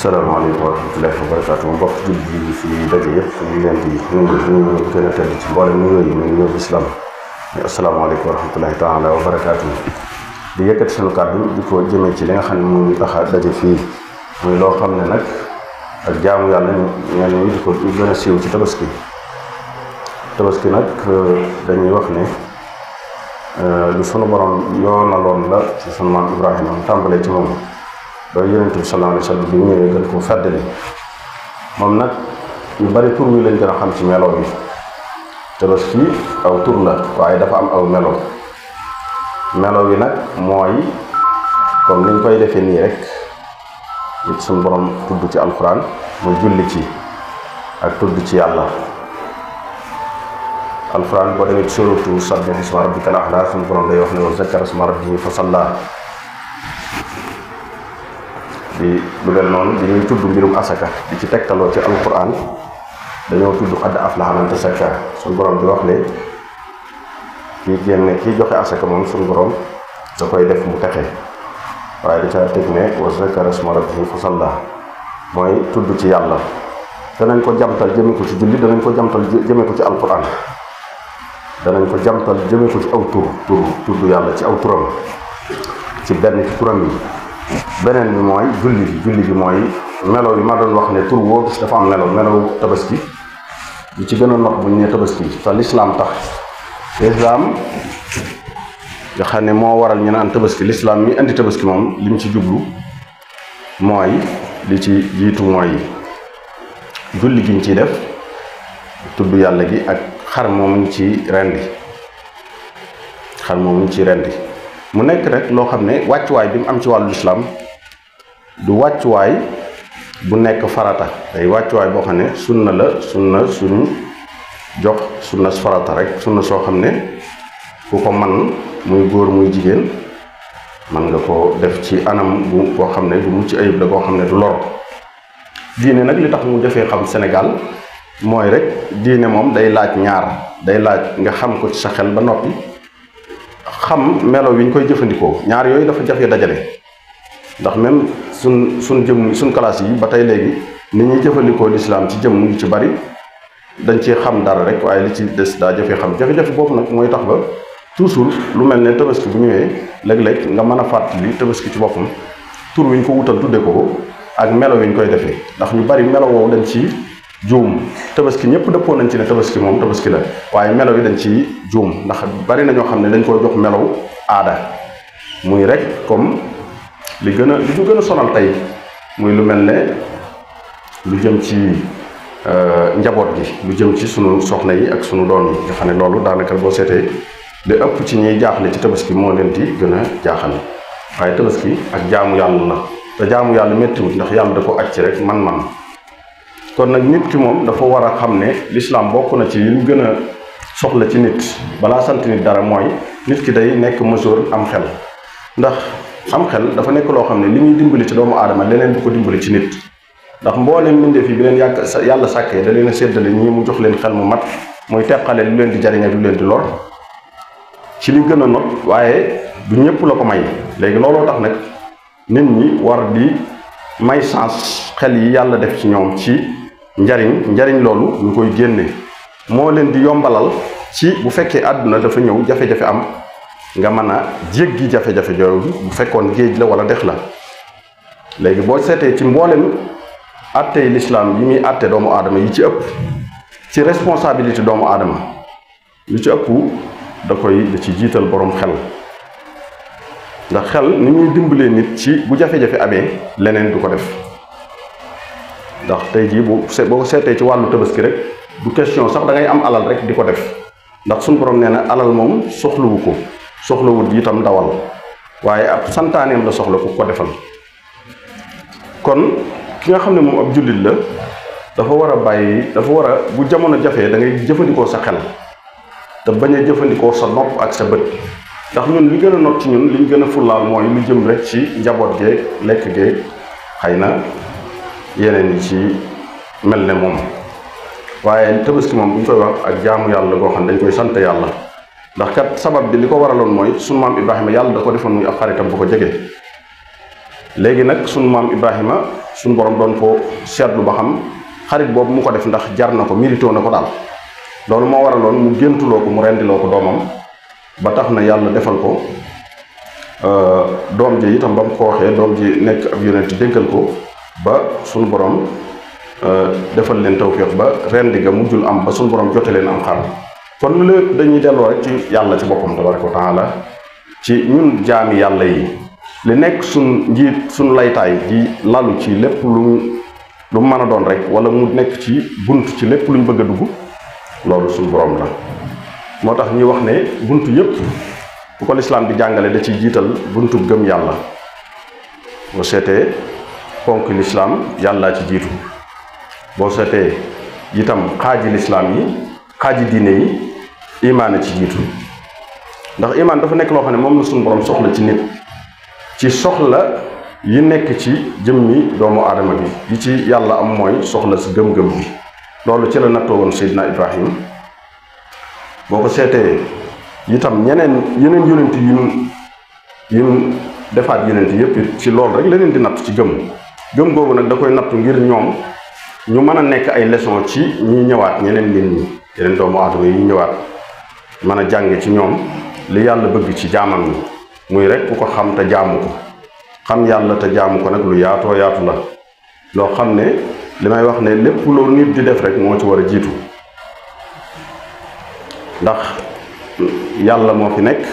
salaamaaleykum wa rahmatullaahi wa barakaatu mbokk jullit yi fi daje yëpp ñu ngi leen di nuyu nuyu gën a tëdd ci mboolem nuyoo yi muy nuyoo islam ne asalaamaaleykum wa rahmatullaahi taala wa di yëkkati sunu kàddu di ko jëmee ci li nga xam ne moom ñu tax a fii muy loo xam ne nag ak jaamu yàlla ñenn gën a siiw ci tabaski tabaski nag euh, dañuy wax ne euh, lu sunu borom yoonaloon la ci sunu maam tàmbalee ci moom. loolu yonent bi sallallahu alayhi wa sallam bi mu ñëwee gën koo feddali moom nag ñu bari tur wi lañ gën a xam ci melo bi tabaski aw tur la waaye dafa am aw melo melo bi nag mooy comme niñ koy defee nii rek it sun borom tudd ci alxuraan mu julli ci ak tudd ci yàlla alxuraan boo demee ci suratu sabbihi rabbika al a'la sun borom day wax ne wa zakkara isma rabbihi fa sallaa lu mel noonu bi ñuy tuddu mbirum asaka di ci tektalo ci alquran dañu tuddu qad aflaha man tasaka sun borom di wax ne ki genn ki joxe asaka mom sun borom da koy def mu taxé way di ta tek ne wa zakara sma rabbihi fa salla moy tuddu ci yàlla danañ ko jamtal jëme ko ci julli danañ ko jamtal jëme ko ci alquran danañ ko jamtal jëme ko ci aw tur tur ci aw turam ci benn ci turam yi beneen bi mooy julli bi julli bi mooy melo yi ma doon wax ne tur woo gis dafa am melo melo tabaski yi ci gën a nox bu ñu nee tabaski te lislaam tax lislaam nga xam ne moo waral ñu naan tabaski lislaam mi indi tabaski moom li mu ci jublu mooy li ci jiitu mooy julli gi ñu ciy def tudd yàlla gi ak xar moomuñ ci rendi xar moomuñ ci rendi mu nekk rek loo xam ne wàccuwaay bi mu am ci wàllu lislaam du wàccuwaay bu nekk farata day wàccuwaay boo xam ne sunna la sunna suñu jox sunna farata rek sunna soo xam ne ku ko man muy góor muy jigéen man nga ko def ci anam bu koo xam ne bu ci ayib la koo xam ne du lor diine nag li tax mu jafee xam Sénégal mooy rek diine moom day laaj ñaar day laaj nga xam ko ci sa xel ba noppi xam melo wiñ koy jëfëndiko ñaar yoy dafa jafé dajalé ndax même sun sun jëm sun classe yi ba tey léegi ni ñi jëfandikoo l'islam ci jëm ci bari dañ ci xam dara rek waye li ci dess da jafé xam jafé jafé bop nak moy tax ba toujours lu melne tabaski bu ñëwé lég lég nga mëna a fàttali tabaski ci bopum tour wiñ ko wutal tuddé ko ak melo wiñ koy défé ndax ñu bari melo wo dañ ci juum tabaski ñepp deppoon nañ ci ne tabaski moom tabaski la waaye melaw yi dañ ci juum ndax bari na ñoo xam ne dañ koo jox melaw aada muy rek comme li gën a li ñu gën a sonal tey muy lu mel ne lu jëm ci euh, njaboot gi lu jëm ci sunu soxna yi ak sunu doom yi nga xam ne loolu daanaka boo seetee li ëpp ci ñuy jaaxle ci tabaski moo leen di gën a jaaxal waaye tabaski ak jaamu yàlla la te jaamu yàlla wut ndax yàlla da ko acc rek man-man kon nag nit ki moom dafa war a xam ne lislaam bokk na ci lim gën a soxla ci nit balaa sant nit dara mooy nit ki day nekk mesure am xel ndax am xel dafa nekk loo xam ne li ñuy dimbali ci doomu aadama leneen du ko dimbali ci nit ndax mboolem mbindeef yi bi leen yàgg yàlla sàkkee da leen a séddale mu jox leen xel mu mat muy teqale lu leen di jariñ ak lu leen di lor ci li gën a not waaye du ñëpp la ko may léegi looloo tax nag nit ñi war di may sens xel yi yàlla def ci ñoom ci njariñ njariñ loolu ñu koy génne moo leen di yombalal ci bu fekkee àdduna dafa ñëw jafe-jafe am nga mën a jéggi jafe-jafe jooju bu fekkoon géej la wala dex la léegi boo seetee ci mboolem àttey lislaam yi muy àtte doomu aadama yi ci ëpp ci responsabilité doomu aadama lu ci ëpp da koy ci jiital boroom xel ndax xel ni muy dimbalee nit ci bu jafe-jafe amee leneen du ko def ndax tey jii bu se boo seetee ci wàllu tabaski rek bu question sax da ngay am alal rek di ko def ndax suñu borom nee na alal moom soxlawu ko soxlawut itam ndawal waaye ab santaaneem la soxla ku ko defal kon ki nga xam ne moom ab jullit la dafa war a bàyyi dafa war a bu jamono jafee da ngay jëfandikoo sa xel te bañ a jëfandikoo sa nopp ak sa bët ndax ñun li gën a not ci ñun liñ gën a fullaal mooy lu jëm rek ci njaboot gee lekk gee xëy na yeneen yi ci mel ne moom waaye tabaski moom bu ñu koy wax ak jaamu yàlla goo xam ne dañ koy sant yàlla ndax kat sabab bi li ko waraloon mooy sunu maam Ibrahima yàlla da ko defoon muy ab xaritam bu ko jege. léegi nag sunu maam Ibrahima sunu borom doon ko seetlu ba xam xarit boobu mu ko def ndax jar na ko mérito na ko daal loolu moo waraloon mu géntuloo ko mu rendiloo ko doomam ba tax na yàlla defal ko euh, doom ji itam ba mu ko waxee doom ji nekk ab yonent dénkal ko. ba sunu borom euh, defal len tawfiq ba ren di ga mujjul am ba sunu borom jote len am xar kon lu lépp dañuy delloo rek ci yalla ci bopam tabaraka taala ci ñun jaami yalla yi li nek sun njit sun laytaay di lalu ci lepp lu lu mëna doon rek wala mu nek ci buntu ci lépp luñ bëgg dugg lolu suñu borom la motax ñi wax ne buntu yépp bu ko l'islam di jàngale da ci jital buntu gëm yalla boo sété ponk lislaam yàllaa ci jiitu boo seetee itam xaaji lislaam yi xaaji diine yi imaan a ci jiitu ndax imaan dafa nekk loo xam ne moom la suñu borom soxla ci nit ci soxla yi nekk ci jëmmi doomu aadama bi yi ci yàlla am mooy soxla si gëm-gëm bi loolu ci la nattoo woon Seydina Ibrahim boo ko seetee itam ñeneen yeneen yonent yu ñu yu defaat yonent yépp ci loolu rek leneen di natt ci gëm jëm googu nag da koy nattu ngir ñoom ñu mën a nekk ay leçon ci ñuy ñëwaat ñeneen nit ñi yeneen doomu aadama yi ñëwaat mën a jànge ci ñoom li yàlla bëgg ci jaamam ñi muy rek ku ko xam te jaamu ko xam yàlla te jaamu ko nag lu yaatoo yaatu la loo xam ne li may wax ne lépp loolu nit di def rek moo ci war a jiitu ndax yàlla moo fi nekk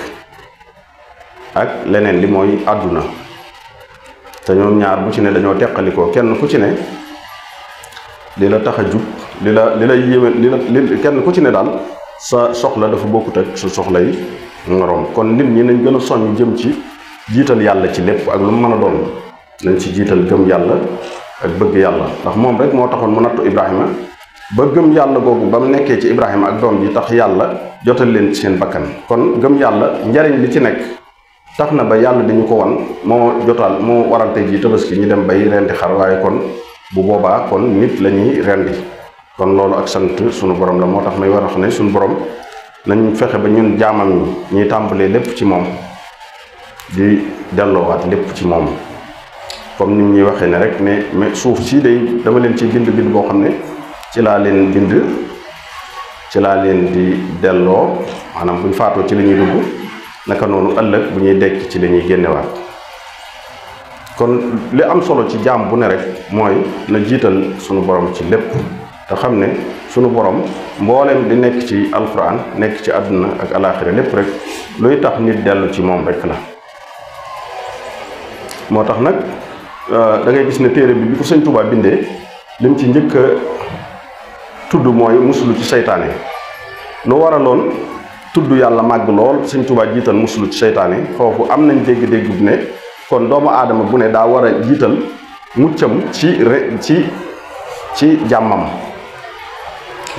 ak leneen li mooy àdduna te ñoom ñaar bu ci ne dañoo teqalikoo kenn ku ci ne li la tax a jub li la li la yéwén li la kenn ku ci ne daal sa soxla dafa bokkut ak su soxla yi moroom kon nit ñi nañ gën a soññ jëm ci jiital yàlla ci lépp ak lu mu mën a doon nañ ci jiital gëm yàlla ak bëgg yàlla ndax moom rek moo taxoon mu nattu Ibrahima ba gëm yàlla googu ba mu nekkee ci Ibrahima ak doom ji tax yàlla jotal leen seen bakkan kon gëm yàlla njariñ li ci nekk tax na ba yàlla dañu ko wan moo jotaal moo waral tey jii tabaski ñu dem bay rendi xar waaye kon bu boobaa kon nit la ñuy rendi kon loolu ak sant sunu boroom la moo tax may war a wax ne sunu borom nañ fexe ba ñun jaamam ñi ñuy tàmbalee lépp ci moom di delloowaat lépp ci moom comme ni ñuy waxee ne rek ne mais suuf sii day dama leen ci bind bind boo xam ne ci laa leen bind ci laa leen di delloo maanaam buñ faatoo ci la ñuy naka noonu ëllëg bu ñuy dekk ci la ñuy génnewaat kon li am solo ci jaam bu ne rek mooy na jiital suñu borom ci lépp te xam ne sunu boroom mboolem di nekk ci alquran nekk ci àdduna ak alaxira lépp rek luy tax nit dellu ci moom rek la moo tax nag euh, da ngay gis ne téere bi bi ko sëñ Tuubaa bindee lim ci njëkk a tudd mooy musulu ci seytaane lu waraloon tudd yàlla màgg lool sëñ Tuubaa jiital musulu ci seytaane foofu am nañ dégg-dégg bu ne kon doomu aadama bu ne daa war a jiital muccam ci ci ci jàmmam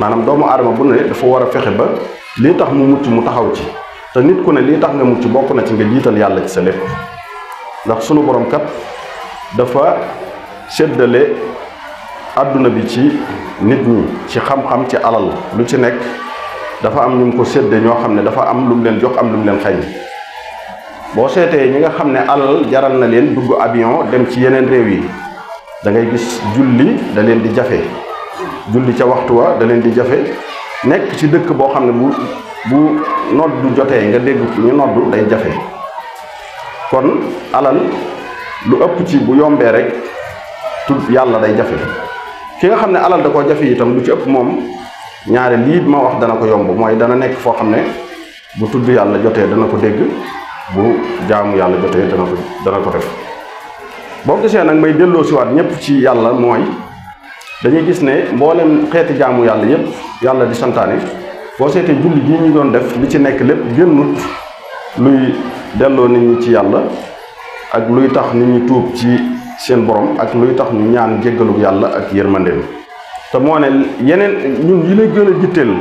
maanaam doomu aadama bu ne dafa war a fexe ba lii tax mu mucc mu taxaw ci te nit ku ne lii tax nga mucc bokk na ci nga jiital yàlla ci sa lépp ndax sunu borom kat dafa séddale àdduna bi ci nit ñi ci xam-xam ci alal lu ci nekk dafa am ñu ko sédde ñoo xam ne dafa am lu mu leen jox am lu mu leen xañ boo seetee ñi nga xam ne alal jaral na leen dugg avion dem ci yeneen réew yi da ngay gis julli da leen di jafe julli ca waxtu wa da leen di jafe nekk ci dëkk boo xam ne bu bu noddu jotee nga dégg ñu noddu day jafe kon alal lu ëpp ci bu yombee rek tudd yàlla day jafe ki nga xam ne alal da koo jafe itam lu ci ëpp moom ñaare li ma wax dana ko yomb moy dana nek fo xamne bu tuddu yalla jotee dana ko dégg bu jaamu yalla jotee dana ko dana ko def boo gisee nak may ci wat ñepp ci yalla moy dañuy gis ne mboolem xéti jaamu yalla yépp yalla di santane bo sété julli gi ñu doon def li ci nek lepp gennut luy delloo nit ñi ci yalla ak luy tax nit ñi tuup ci seen borom ak luy tax ñu ñaan jéggalu yalla ak yërmandeem te moo ne yeneen ñun yi lay gën a jitteel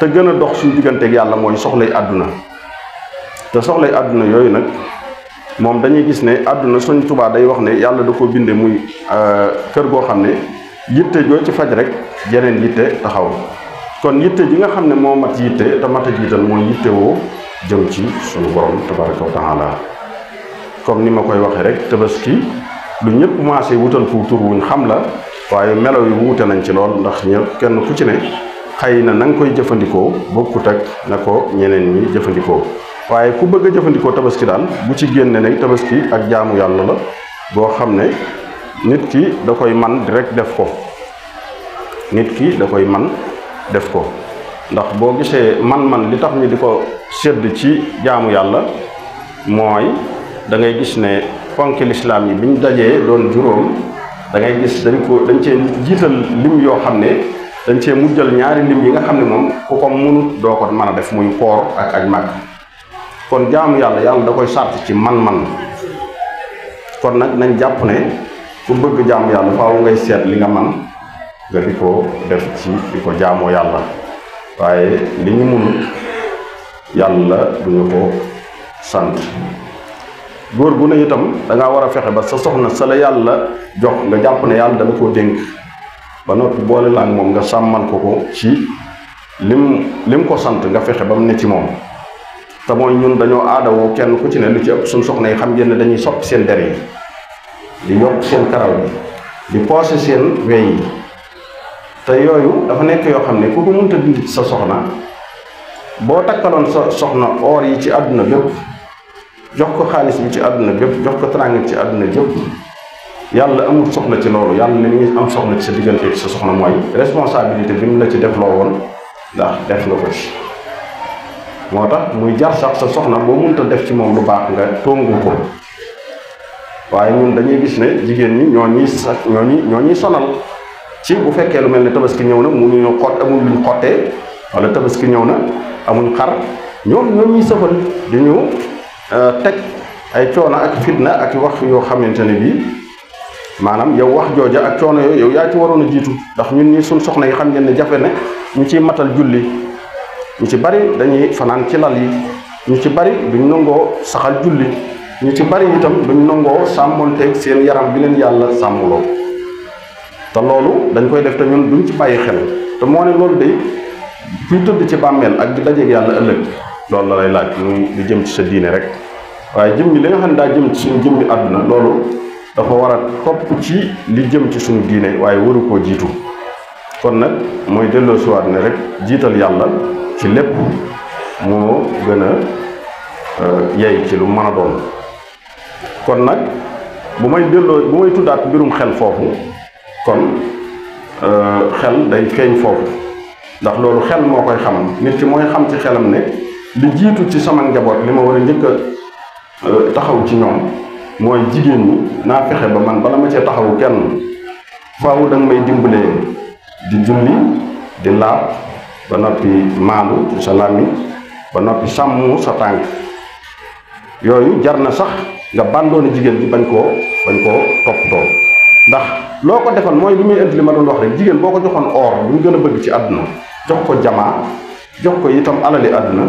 te gën a dox suñu digganteeg yàlla mooy soxlay àdduna te soxlay àdduna yooyu nag moom dañuy gis ne àdduna suñ tubaa day wax ne yàlla da koo binde muy euh, kër goo xam ne yitte joo ci faj rek yeneen yitte taxaw kon yitte ji nga xam ne moo mat yitte te mat a jiital mooy yitte woo jëm ci suñu borom tabaraka wa taala comme ni ma koy waxee rek tabaski lu ñëpp maase wutal fu tur wuñ xam la waaye melaw yi wuute nañ ci lool ndax ñëpp kenn ku ci ne xëy na na koy jëfandikoo bokkut ak na ko ñeneen ñi jëfandikoo waaye ku bëgg a jëfandikoo tabaski daan bu ci génne ne tabaski ak jaamu yàlla la boo xam ne nit ki da koy man rek def ko nit ki da koy man def ko ndax boo gisee man-man li tax ñu di ko sedd ci jaamu yàlla mooy dangay gis ne ponk lislaam yi bi ñu dajee doon juróom da ngay gis dañ ko dañ cee jiital lim yoo xam ne dañ cee mujjal ñaari lim yi nga xam ne moom ku ko munut doo ko mën a def muy koor ak ak mag kon jaamu yàlla yàlla da koy sàrt ci man-man kon nag nañ jàpp ne ku bëgg jaamu yàlla faaw ngay seet li nga man nga di ko def ci di ko jaamoo yàlla waaye li ñu munut yàlla duñu ko sant góor gu ne itam dangaa war a fexe ba sa soxna sa la yàlla jox nga jàpp ne yàlla dala koo dénk ba noppi boole la ak moom nga sàmmal ko ko ci li lim lim ko sant nga fexe ba mu ne ci moom te mooy ñun dañoo aadawoo kenn ku ci ne lu ci ëpp suñ soxna yi xam ngeen dañuy sopp seen der yi di yokk seen karaw bi di poose seen wey yi te yooyu dafa nekk yoo xam ne ku ko mënta dindi ci sa soxna boo takkaloon sa soxna or yi ci àdduna bépp jox ko xaalis bi ci àdduna bépp jox ko teraanga ci àdduna bépp yàlla amul soxla ci loolu yàlla li ñu am soxla ci sa diggante ci sa soxna mooy responsabilité bi mu na ci def loo woon ndax def nga ko ci moo tax muy jar sax sa soxna boo mënta def ci moom lu baax nga tóngu ko waaye ñun dañuy gis ne jigéen ñi ñoo ñuy sax ñoo ñuy ñoo ñuy sonal ci bu fekkee lu mel ne tabaski ñëw na mu ñu xott amul luñ xottee wala tabaski ñëw na amuñ xar ñoom ñoo ñuy sëfal di ñu tek ay choona ak fitna ak wax yo xamanteni bi manam yow wax jojja ak choona yow ya ci warona jitu ndax ñun ñi sun soxna yi xam ngeen ne jafé ne ñu ci matal julli ñu ci bari dañuy fanan ci lal yi ñu ci bari duñ nango saxal julli ñu ci bari itam duñ nangoo sàmmonteeg seen yaram bi len yalla samulo ta lolu dañ koy def ta ñun duñ ci bàyyi xel ta mo ne lolu day fi tudd ci bammel ak di dajeeg yalla ëlëk loolu la lay laaj muy lu jëm ci sa diine rek waaye jëm bi li nga xam ne daa jëm ci suñu jëm bi àdduna loolu dafa war a topp ci li jëm ci suñu diine waaye waru koo jiitu kon nag mooy delloo siwaat ne rek jiital yàlla ci lépp moo gën a euh, yey ci lu mën a doon kon nag bu may delloo bu may tuddaat mbirum xel foofu kon euh, xel day feeñ foofu ndax loolu xel moo koy xam nit ki mooy xam ci xelam ne li jiitu ci saman njaboot li ma war a njëkk euh, taxaw ci ñoom mooy jigéen ñi naa fexe ba man bala ma cee taxaw kenn faaw danga may dimbalee di julli di laab ba noppi maandu sa làmmiñ ba noppi sàmm sa tànk yooyu jar na sax nga bàndoona jigéen bi bañ koo bañ koo toppatoo ndax loo ko defal mooy li muy indi li ma doon wax rek jigéen boo ko joxoon or bi mu gën a bëgg ci àdduna jox ko jamaa jox ko itam alali àdduna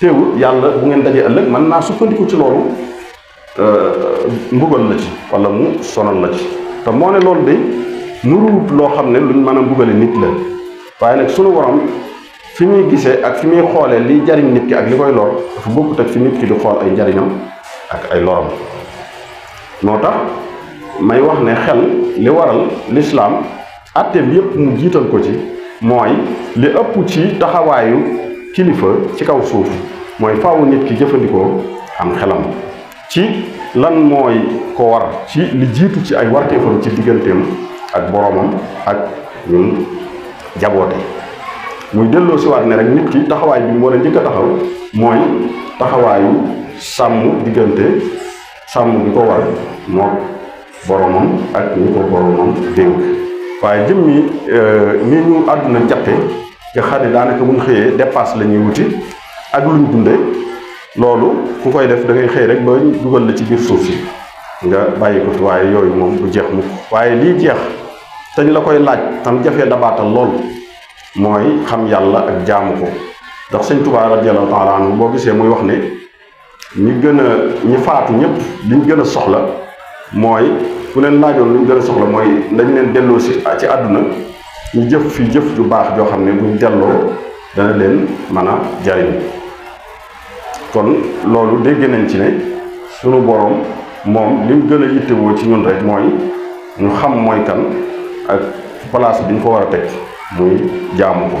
teewut yàlla bu ngeen dajee ëllëg man naa sukkandiku ci loolu euh, mbugal la ci wala mu sonal la ci te moo ne loolu de nuruwut loo xam ne luñ mën a mbugale nit la waaye nag sunu borom fi muy gisee ak fi muy xoolee liy jariñ nit ki ak li koy lor dafa bokkut ak fi nit ki di xool ay njariñam ak ay loram moo tax may wax ne xel li waral lislaam àtteem yépp mu jiital ko ci mooy li ëpp ci taxawaayu kilifa ci kaw suuf mooy faaw nit ki jëfandikoo am xelam ci lan mooy ko war ci li jiitu ci ay warteefam ci digganteem ak boroomam ak ñun jaboote muy delloo siwaat ne rek nit ki taxawaay bi mu war a njëkk a taxaw mooy taxawaayu sàmm diggante sàmm bi ko war moo boroomam ak ñi ko boroomam dénk waaye jëmmi euh, ni ñu àdduna jàppe nga xam ne daanaka bu ñu xëyee dépasse la ñuy wuti ak lu ñu dundee loolu ku koy def da ngay xëy rek ba dugal la ci biir suuf si nga bàyyi ko waaye yooyu moom jeex mukk waaye lii jeex te ñu la koy laaj tam jafee dabaatal lool mooy xam yàlla ak jaamu ko ndax sëñ Tuubaa radiyallaahu taala anhu boo gisee muy wax ne ñi gën a ñi faatu ñëpp liñ gën a soxla mooy ku leen laajoon luñ gën a soxla mooy dañ leen delloo ci àdduna ñu jëf fi jëf ju baax joo xam ne buñ delloo dana leen mën a jariñ kon loolu dégg nañ ci ne sunu boroom moom lim gën a yittewoo ci ñun rek mooy ñu xam mooy kan ak place bi ñu ko war a teg muy jaamu ko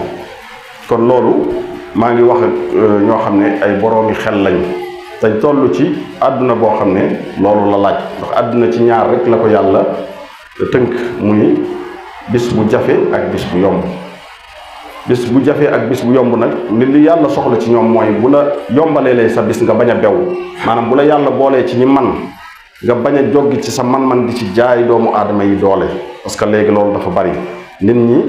kon loolu maa ngi wax ak euh, ñoo xam ne ay boroomi xel lañu te toll ci àdduna boo xam ne loolu la laaj ndox àdduna ci ñaar rek la ko yàlla tënk muy bis bu jafé ak bis bu yomb bis bu jafé ak bis bu yomb nak li li yalla soxla ci ñom moy bu la yombalé lay sa bis nga baña bew manam bu la yalla bolé ci ñi man nga baña jogg ci sa man-man di ci jaay doomu adama yi doolé parce que légui lool dafa bari nit ñi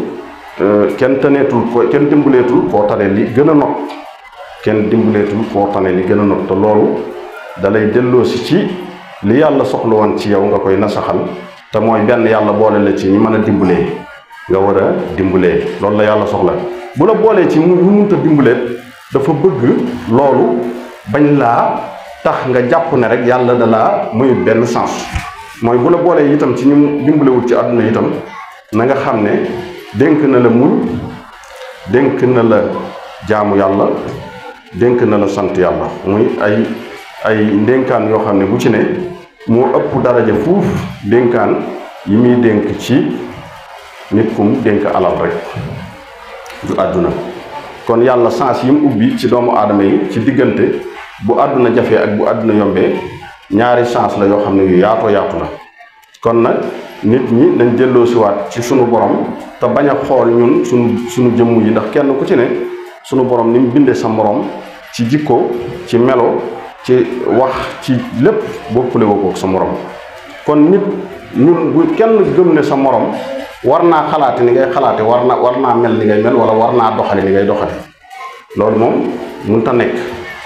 euh, ken taneetul ko ken dimbulétul ko tane li gëna nok ken dimbulétul ko koo li gëna nok te loolu dalay delo ci ci li yalla soxla won ci yow nga koy nasaxal te mooy benn yàlla boole la ci ñi mën a dimbalee nga war a dimbalee loolu la yàlla soxla bu la boolee ci mu munta dimbalee dafa bëgg loolu bañ laa tax nga jàpp ne rek yàlla da muy benn sens mooy bu la boolee itam ci ñu dimbalewut ci àdduna itam na nga xam ne dénk na la mul dénk na la jaamu yàlla dënk na la sant yàlla muy ay ay ndenkaan yoo xam ne bu ci ne moo ëpp daraja fuuf dénkaan yi muy dénk ci nit kum dénk alal rek du àdduna kon yàlla sens yi mu ubbi ci doomu aadama yi ci diggante bu àdduna jafee ak bu àdduna yombee ñaari sens la yoo xam ne yu yaatoo yaatu la kon nag nit ñi nañ delloo siwaat ci sunu borom te bañ a xool ñun sunu sunu jëmm yi ndax kenn ku ci ne sunu borom ni mu bindee sa moroom ci jikko ci melo ci wax ci lépp bokkule woo ko sa moroom kon nit ñun bu kenn gëm ne sa moroom war naa xalaate ni ngay xalaate war naa war naa mel ni ngay mel wala war naa doxale ni ngay doxale loolu moom ta nekk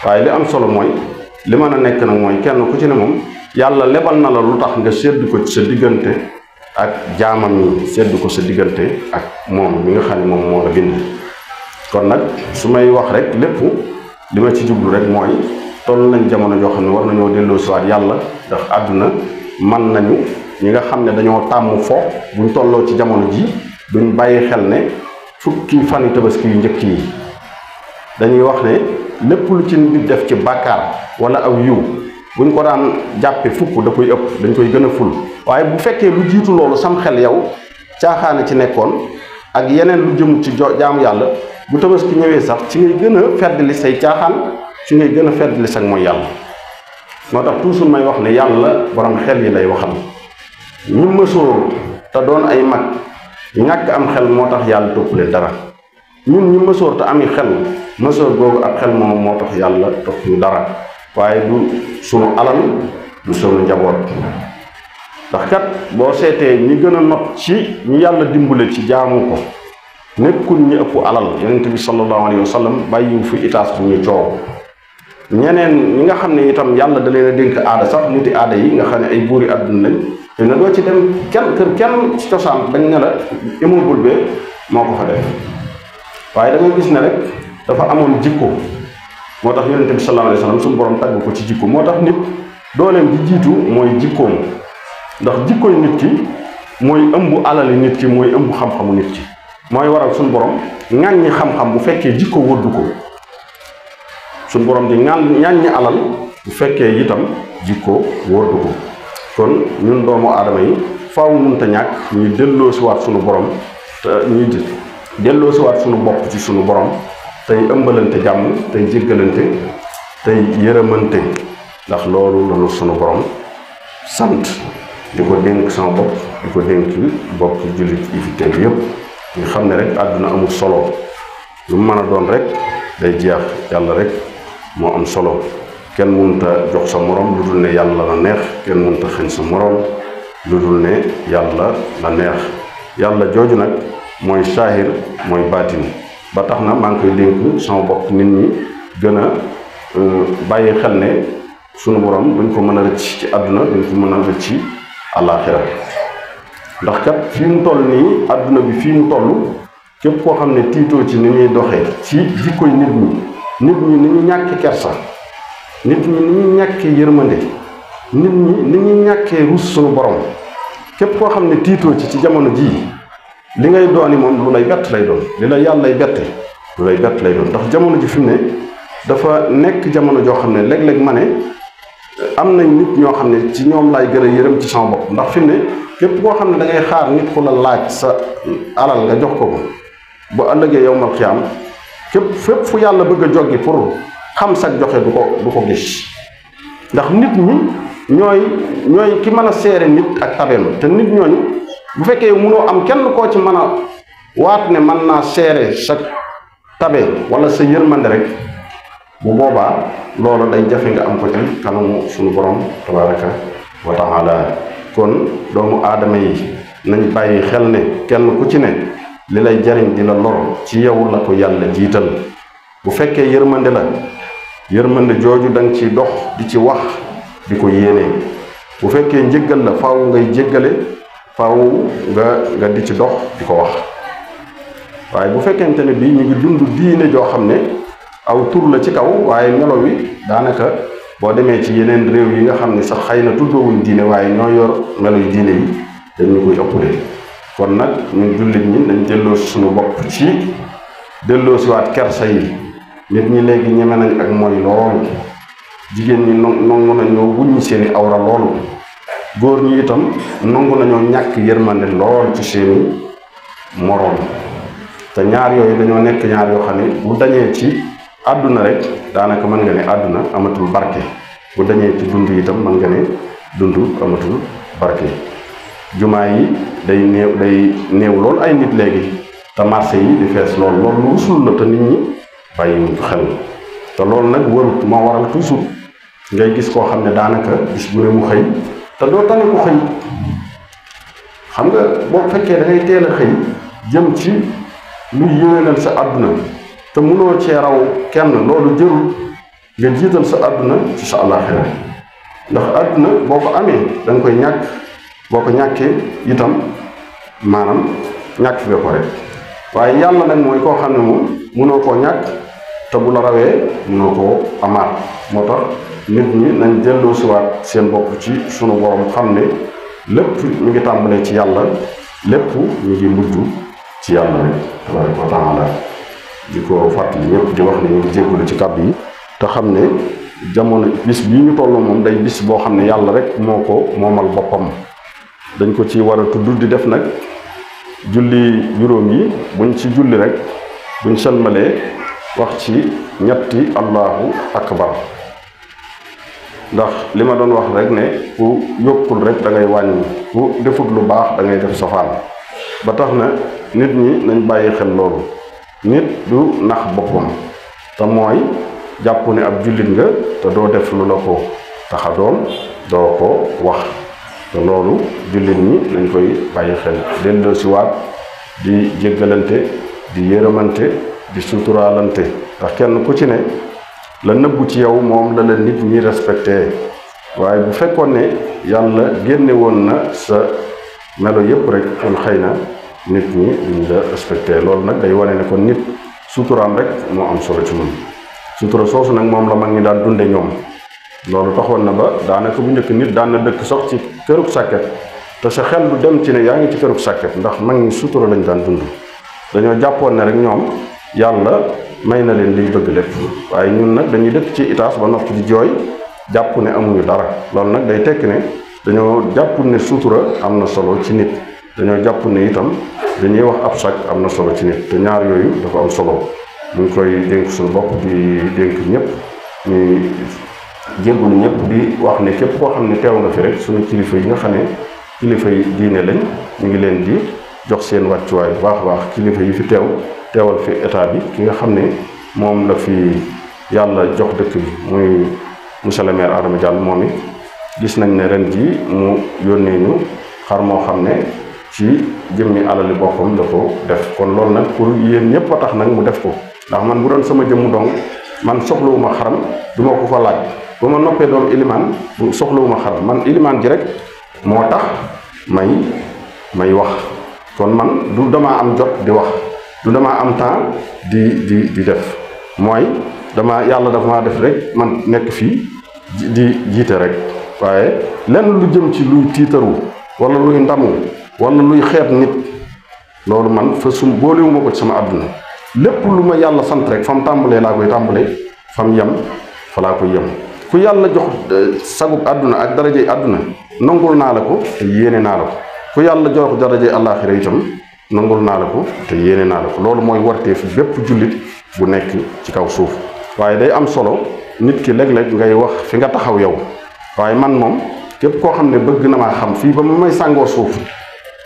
waaye li am solo mooy li mën a nekk nag mooy kenn ku ci ne moom yàlla lebal na la lu tax nga sédd ko sa diggante ak jaamam yi sédd ko sa diggante ak moom mi nga xam ne moom moo la bind kon nag su may wax rek lépp li ma ci jublu rek mooy toll nañ jamono joo xam ne war nañoo delloo siwaat yàlla ndax àdduna man nañu ñi nga xam ne dañoo tàmm fo buñ tolloo ci jamono ji duñ bàyyi xel ne fukki fani tabaski yu njëkk yi dañuy wax ne lépp lu ci nit def ci bàkkaar wala aw yiw buñ ko daan jàppe fukk da koy ëpp dañ koy gën a ful waaye bu fekkee lu jiitu loolu sam xel yow caaxaane ci nekkoon ak yeneen lu jëm ci jaamu yàlla bu tabaski ñëwee sax ci ngay gën a feddali say caaxaan ci ngay gën a feddali sag mooy yàlla moo tax toujours may wax ne yàlla boroom xel yi lay waxal ñu mësoor te doon ay mag ñàkk am xel moo tax yàlla topp leen dara ñun ñu mësoor te ami xel mësoor googu ak xel moom moo tax yàlla topp ñu dara waaye du sunu alal du sunu njaboot ndax kat boo seetee ñi gën a not ci ñu yàlla dimbale ci jaamu ko nekkul ñu ëpp alal yonent bi sallallahu alayhi wa sallam bàyyiwu fi itaas bu ñu coow ñeneen ñi nga xam ne itam yàlla da la a dénk aada sax niti aada yi nga xam ne ay yi àdduna lañ te na ci dem kenn kër kenn ci cosaan dañ ne la immeuble bee moo ko fa def waaye da gis ne rek dafa amoon jikko moo tax yonente bi sallallahu alayhi wasallam suñu borom tàgg ko ci jikko moo tax nit dooleem ji jiitu mooy jikkoom ndax jikkoy nit ki mooy ëmb alali nit ki mooy ëmb xam-xamu nit ki mooy waral suñu borom ŋàññi xam-xam bu fekkee jikko wëddu ko suñ borom di ñaan ñaan ñi alal bu fekkee itam jikko wóor ko kon ñun doomu aadama yi faaw mënta ñàkk ñu delloo si waat suñu borom te ñuy delloo si waat suñu bopp ci suñu borom tey ëmbalante jàmm tey jéggalante tey yërëmante ndax loolu lañu suñu borom sant di ko dénk sama bopp di ko dénk bopp jullit yi fi teew yépp ñu xam ne rek àdduna amul solo lu mën a doon rek day jeex yàlla rek moo am solo kenn mënut a jox sa morom lu dul ne yàlla la neex kenn mënut a xañ sa morom lu dul ne yàlla la neex yàlla jooju nag mooy saahir mooy baatin ba tax na maa ngi koy dénk sama bopp nit ñi gën a euh, bàyyi xel ne sunu borom duñ ko mën a rëcc ci àdduna duñ ko mën a rëcc ci àllaaxira ndax kat fii mu toll nii àdduna bi fii mu toll képp koo xam ne tiitoo ci ni ñuy doxee ci jikkoy nit ñi nit ñi ni ñu ñàkki kersa nit ñi ni ñu ñàkkee yërmande nit ñi ni ñu ñàkkee ruus sunu borom képp koo xam ne tiitoo ci ci jamono ji li ngay dooni moom lu lay bett lay doon li la yàlla lay bette lu lay bett lay doon ndax jamono ji fi mu ne dafa nekk jamono joo xam ne léeg-léeg ma ne am nañ nit ñoo xam ne ci ñoom laay gën a yërëm ci sama bopp ndax fi mu ne képp koo xam ne dangay xaar nit ku la laaj sa alal nga jox ko ko bu ëllëgee yow mal fépp fépp fu yàlla bëgg a joggi pour xam sag joxe du ko du ko gis ndax nit ñi ñooy ñooy ki mën a seere nit ak tabeem te nit ñooñu bu fekkee munoo am kenn koo ci mën a waat ne man naa seere sa tabe wala sa man yërmande rek bu boobaa loola day jafe nga am ko ca kanamu suñu borom tabaraka wa kon doomu aadama yi nañ bàyyi xel ne kenn ku ci ne li lay jariñ di la lor ci yow la ko yàlla jiital bu fekkee yërmande la yërmande jooju danga ci dox di ci wax di ko yéene bu fekkee njëggal la faw ngay jéggale faaw nga nga di ci dox di ko wax waaye bu fekkente ne bii ñu ngi dund diine joo xam ne aw tur la ci kaw waaye melo wi daanaka boo demee ci yeneen réew yi nga xam ne sax xëy na tuddoowuñ diine waaye ñoo yor melo yu diine yi dañu koy ëppale kon nag ñun jullit ñi nañ delloo suñu bopp ci delloo siwaat kersa yi nit ñi léegi ñeme nañ ak mooy lool jigéen ñi nangu nañoo wuññi seeni awra lool góor ñi itam nangu nañoo ñàkk yërmande lool ci seeni moroom te ñaar yooyu dañoo nekk ñaar yoo xam ne bu dañee ci àdduna rek daanaka mën nga ne àdduna amatul barke bu dañee ci dund itam mën nga ne dund amatul barke jumaa yi day néew day néew loolu ay nit léegi te marché yi di fees lool loolu lu usul la te nit ñi bàyyiwuñ ko xel te loolu nag warut moo waral toujours ngay gis koo xam ne daanaka bis bu ne mu xëy te doo tane ko xëy xam nga boo fekkee da ngay teel a xëy jëm ci lu yéwénal sa àdduna te mënoo cee raw kenn loolu jërul nga jiital sa adduna ci sa àllaaxira ndax àdduna boo ko amee da koy ñàkk boo ko ñàkkee itam maanaam ñàkk fi ba pare waaye yàlla nag mooy koo xam ne moom mënoo koo ñàkk te bu la rawee mënoo koo amaat moo tax nit ñi nañ delloo siwaat seen bopp ci sunu borom xam ne lépp ñu ngi tàmbalee ci yàlla lépp ñu ngi mujj ci yàlla rek tabaraka wa taala di ko fàttali ñëpp di wax ne ngi jégalu ci kàddu yi te xam ne jamono bis bii ñu toll moom day bis boo xam ne yàlla rek moo ko moomal boppam dañ ko ci war a di def nag julli juróom yi buñ ci julli rek buñ salmalee wax ci ñetti allahu akbar ndax li ma doon wax rek ne ku yokkul rek dangay ngay wàññi ku defut lu baax dangay def sofaan ba tax na nit ñi nañ bàyyi xel loolu nit du nax boppam te mooy jàpp ne ab jullit nga te doo def lu la ko taxa doo ko wax te loolu jullit ñi dañ koy bàyyi xel delloo si waat di jéggalante di yërëmante di suturaalante ndax kenn ku ci ne la nëbbu ci yow moom la la nit ñi respecté waaye bu fekkoon ne yàlla génne woon na sa melo yépp rek kon xëy na nit ñi duñ la respecté loolu nag day wane ne kon nit suturaam rek moo am solo ci moom sutura soosu nag moom la mag ñi daan dunde ñoom loolu taxoon na ba daanaka bu njëkk nit daan dëkk sox ci ferub sàkket te sa xel lu dem ci ne yaa ngi ci ferub sàkket ndax mag ñi sutura lañ daan dund dañoo jàppoon ne rek ñoom yàlla may na leen liy bëgg lépp waaye ñun nag dañuy dëkk ci itaas ba noppi di jooy jàpp ne amuñu dara loolu nag day tekki ne dañoo jàpp ne sutura am na solo ci nit dañoo jàpp ne itam dañuy wax ab sag am na solo ci nit te ñaar yooyu dafa am solo ñu ngi koy dénk suñu bopp di dénk ñëpp ñu jéggulu ñëpp di wax ne képp koo xam ne teew nga fi rek suñu kilifa yi nga xam ne kilifa yi diine lañ ñu ngi leen di jox seen wàccuwaay bu baax a baax kilifa yi fi teew teewal fi état bi ki nga xam ne moom la fi yàlla jox dëkk bi muy monsieur le maire Adama Diallo moom it gis nañ ne ren jii mu yónnee ñu xar moo xam ne ci jëmmi alali boppam la ko def kon loolu nag pour yéen ñëpp a tax nag mu def ko ndax man bu doon sama jëmm dong man soxlawuma xaram duma ko fa laaj ba ma noppee doon ilimaan soxlawuma xaral man ilimaan ji rek moo tax may may wax kon man du damaa am jot di wax du damaa am temps di di di def mooy dama yàlla dafa maa def rek man nekk fii di jiite rek waaye lenn lu jëm ci luy tiitaru wala luy ndamu wala luy xeet nit loolu man fa sum boolewuma ko ci sama àdduna lépp lu ma yàlla sant rek fa mu tàmbalee laa koy tàmbalee fa mu yem fa laa koy yem ku yàlla jox euh, sagub àdduna ak darajey àdduna nangul naa la ko te yéene naa la ko ku yàlla jox darajey àllaaxira itam nangul naa la ko te yéene naa la ko loolu mooy fi bépp jullit bu nekk ci kaw suuf waaye day am solo nit ki léeg-léeg ngay wax fi nga taxaw yow waaye man moom képp koo xam ne bëgg na maa xam fii ba ma may sàngoo suuf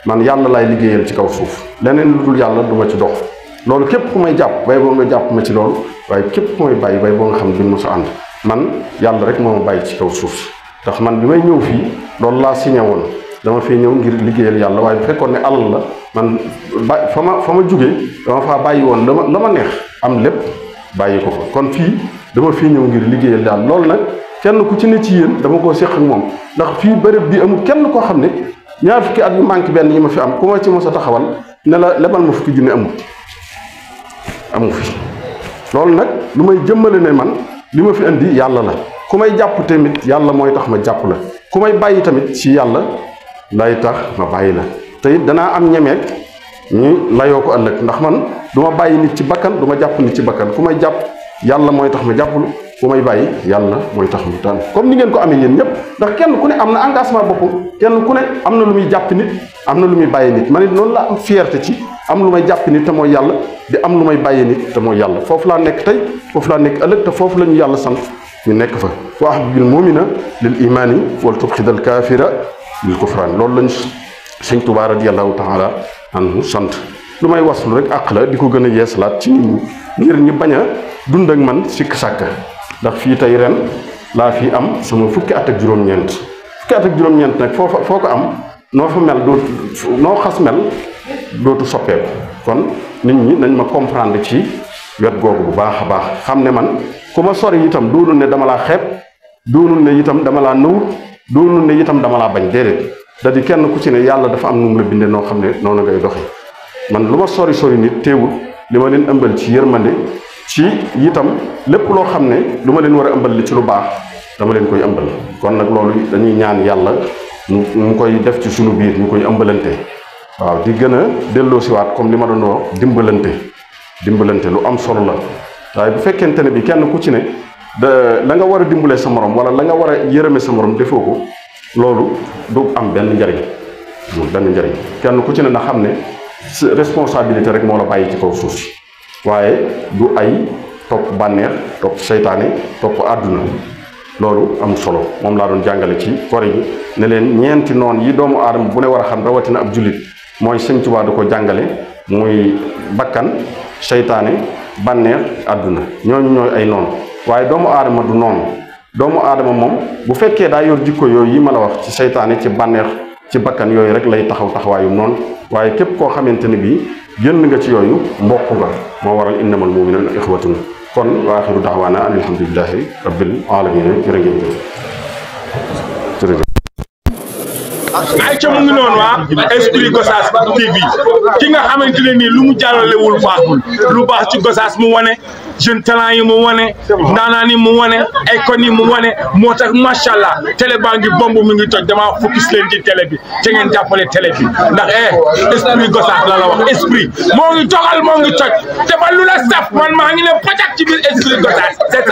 man yàlla laay liggéeyal ci kaw suuf leneen lu dul yàlla du ma ci dox loolu képp ku may jàpp bay boo nga jàpp ma ci loolu waaye képp ku may bàyyi boo nga xam ne duñ mos a ànd man yàlla rek moo ma bàyyi ci kaw suuf ndax man bi may ñëw fii loolu laa signé woon dama fee ñëw ngir liggéeyal yàlla waaye bu fekkoon ne alal la man ba fa ma fa ma jóge dama faa bàyyi woon la ma neex am lépp bàyyi ko fa kon fii dama fii ñëw ngir liggéeyal daal lool nag kenn ku ci ne ci yéen dama koo séq ak moom ndax fii bërëb bi amul kenn koo xam ne ñaar fukki at yu manque benn yi ma fi am ku ma ci mos a taxawal ne la lebal ma fukki junne amul amu fi loolu nag lu may jëmmale ne man li ma fi indi yàlla la ku may jàpp tamit yàlla mooy tax ma jàpp la ku may bàyyi tamit ci yàlla lay tax ma bàyyi la tey danaa am ñemeeg ñu layoo ko ëllëg ndax man du ma bàyyi nit ci bakkan duma jàpp nit ci bakkan ku may jàpp yàlla mooy tax ma jàppalu bu may bàyyi yàlla mooy tax mu tànn comme ni ngeen ko amee yéen ñëpp ndax kenn ku ne am na engagement boppam kenn ku ne am na lu muy jàpp nit am na lu muy bàyyi ma ne noonu laa ci am lu may jàpp nit te mooy yàlla di am lu may bàyyi nit te yàlla foofu laa nekk tey foofu laa nekk ëllëg foofu la yàlla sant ñu nekk fa wa ahbibil mumina lil imaani wal tubxidal kaafira lil kufraan loolu lañ sëñ Tuubaa radiyallahu taala anhu sant lu may waslu rek àq la di ko gën a laat ci nit ñi ngir ñu bañ dund ak man sikk sàkk ndax fii tey ren laa fii am sama fukki at ak juróom-ñeent fukki at ak juróom-ñeent nag foo foo ko am noo fa mel dootu noo xas mel dootu soppeeku kon nit ñi nañ ma comprendre ci wet googu bu baax a baax xam ne man ku ma sori itam doonul ne dama laa xeeb doonul ne itam dama laa nëwut doonul ne itam dama laa bañ déedéet da di kenn ku ci ne yàlla dafa am nu mu la bindee noo xam ne noonu ngay doxe man lu ma sori sori nit teewul li ma leen ëmbal ci yërmande ci itam lépp loo xam ne lu ma leen war a ëmbal li ci lu baax dama leen koy ëmbal kon nag loolu dañuy ñaan yàlla ñu koy def ci suñu biir ñu koy ëmbalante waaw di gën a delloo delloosiwaat comme li ma doon wax dimbalante dimbalante lu am solo la waaye bu fekkente ne bi kenn ku ci ne da nga war a dimbalee sa morom wala la nga war a yërëme sa morom defoo ko loolu du am benn njariñ benn njariñ kenn ku ci ne na xam ne si responsabilité rek moo la bàyyi ci kaw suuf waaye du ay topp bànneex topp seytaane topp àdduna loolu am solo moom laa doon jàngale ci kori gi ne leen ñeenti noon yi doomu aadama bu ne war a xam rawatina ab jullit mooy Sëñ Tuubaa da ko jàngale muy bakkan seytaane bànneex àdduna ñooñu ñooy ay noon waaye doomu adama du noonu doomu adama moom bu fekkee daa yor jikko yooyu yi ma la wax ci seytaane ci bànneex ci bakkan yooyu rek lay taxaw taxawaayu noonu waaye képp koo xamante ni bii génn nga ci yooyu mbokk nga moo waral innamal mu'minuna ixwatun kon wa axiru daawaana an alhamdulilahi rabbil alamin waa esprit Gossas TV ki nga xamante ne nii baaxul lu baax ci Gossas mu wane jeune talent yi mu wane ndaanaan yi mu wane icône yi mu wane moo tax macha allah télé baa ngi bomb mi ngi toj damaa focus leen ci bi te ngeen jàppale télé bi ndax eh esprit Gossas la wax esprit moo ngi doxal moo ngi toj defal lu la man maa ngi ne pacak ci biir esprit Gossas